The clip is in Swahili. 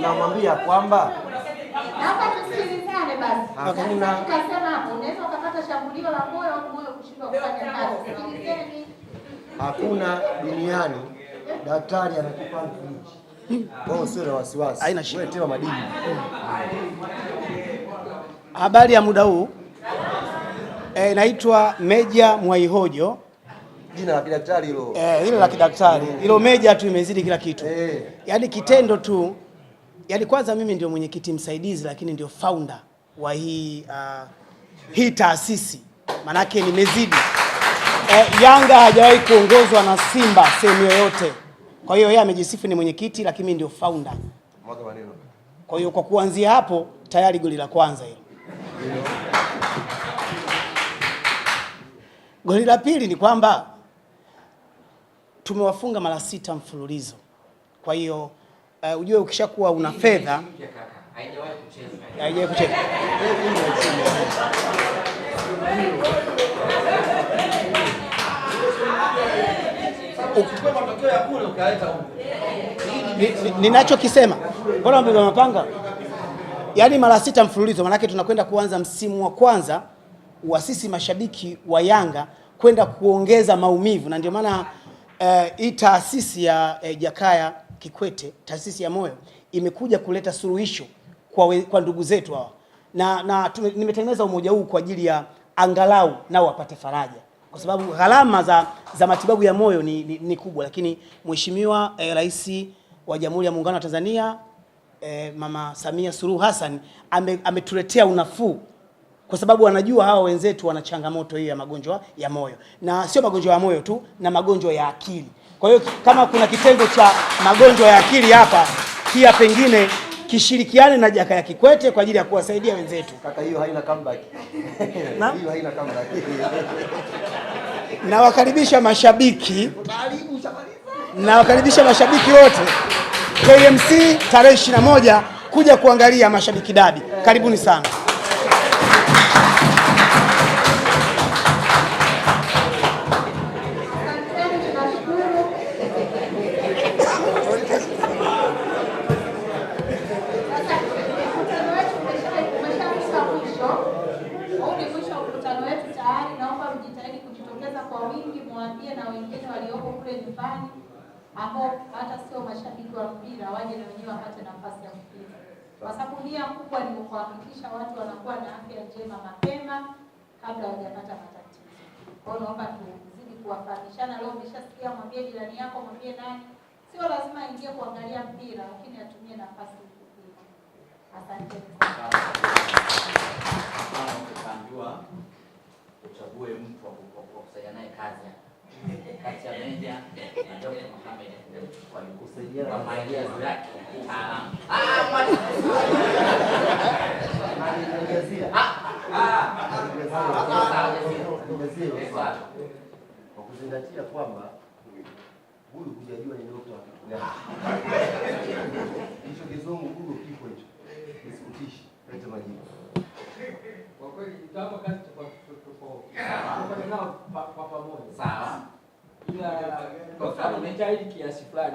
tunamwambia kwamba hakuna ah, hakuna duniani daktari anatupa wao, sio na wasiwasi, haina shida, tewa madini. Habari ya muda huu e, naitwa Meja Mwaihojo jina la kidaktari hilo, eh, hilo la kidaktari mm. hilo, Meja tu imezidi kila kitu e. Yaani kitendo tu yani kwanza mimi ndio mwenyekiti msaidizi lakini ndio founder wa hii uh, hii taasisi manake nimezidi. E, Yanga hajawahi kuongozwa na Simba sehemu yoyote. Kwa hiyo yeye amejisifu ni mwenyekiti lakini mimi ndio founder. Kwa hiyo kwa kuanzia hapo tayari goli la kwanza hilo. Goli la pili ni kwamba tumewafunga mara sita mfululizo. Kwa hiyo uh, ujue ukishakuwa una fedha haijawahi kucheza ninachokisema mbona wamebeba mapanga yaani mara sita mfululizo, maanake tunakwenda kuanza msimu wa kwanza wa sisi mashabiki wa Yanga kwenda kuongeza maumivu, na ndio maana eh, hii taasisi ya eh, Jakaya Kikwete, taasisi ya Moyo imekuja kuleta suluhisho kwa, we, kwa ndugu zetu hawa na, na nimetengeneza umoja huu kwa ajili ya angalau nao wapate faraja kwa sababu gharama za, za matibabu ya moyo ni, ni, ni kubwa, lakini Mheshimiwa eh, Rais wa Jamhuri ya Muungano wa Tanzania eh, Mama Samia Suluhu Hassan ametuletea ame unafuu kwa sababu wanajua hawa wenzetu wana changamoto hiyo ya magonjwa ya moyo, na sio magonjwa ya moyo tu, na magonjwa ya akili. Kwa hiyo kama kuna kitengo cha magonjwa ya akili hapa, pia pengine kishirikiane na Jaka ya Kikwete kwa ajili ya kuwasaidia wenzetu. Kaka, hiyo haina comeback. Na hiyo haina comeback. Nawakaribisha mashabiki, nawakaribisha mashabiki wote KMC tarehe 21 kuja kuangalia mashabiki dabi. Karibuni sana. niwaambie na wengine walioko kule nyumbani ambao hata sio mashabiki wa mpira waje na wenyewe wapate nafasi ya mpira, kwa sababu nia kubwa ni kuhakikisha watu wanakuwa na afya njema mapema kabla hawajapata matatizo. Kwa hiyo naomba tuzidi kuwafahamishana. Leo umeshasikia, mwambie jirani yako, mwambie nani, sio lazima aingie kuangalia mpira, lakini atumie nafasi kupita. Asante utaambiwa uchague mtu wa kufanya naye kazi kati ya Meja na Dr. Mohamed walikusaidia na maelezo yake kitaalamu. Kwa kuzingatia kwamba huyu hujajua ni dokta wa kitu gani, hicho kizungu huyu kiko hicho, isikutishi lete majibu kwa kweli, tutakuwa kazi kwa pamoja amejitahidi kiasi fulani.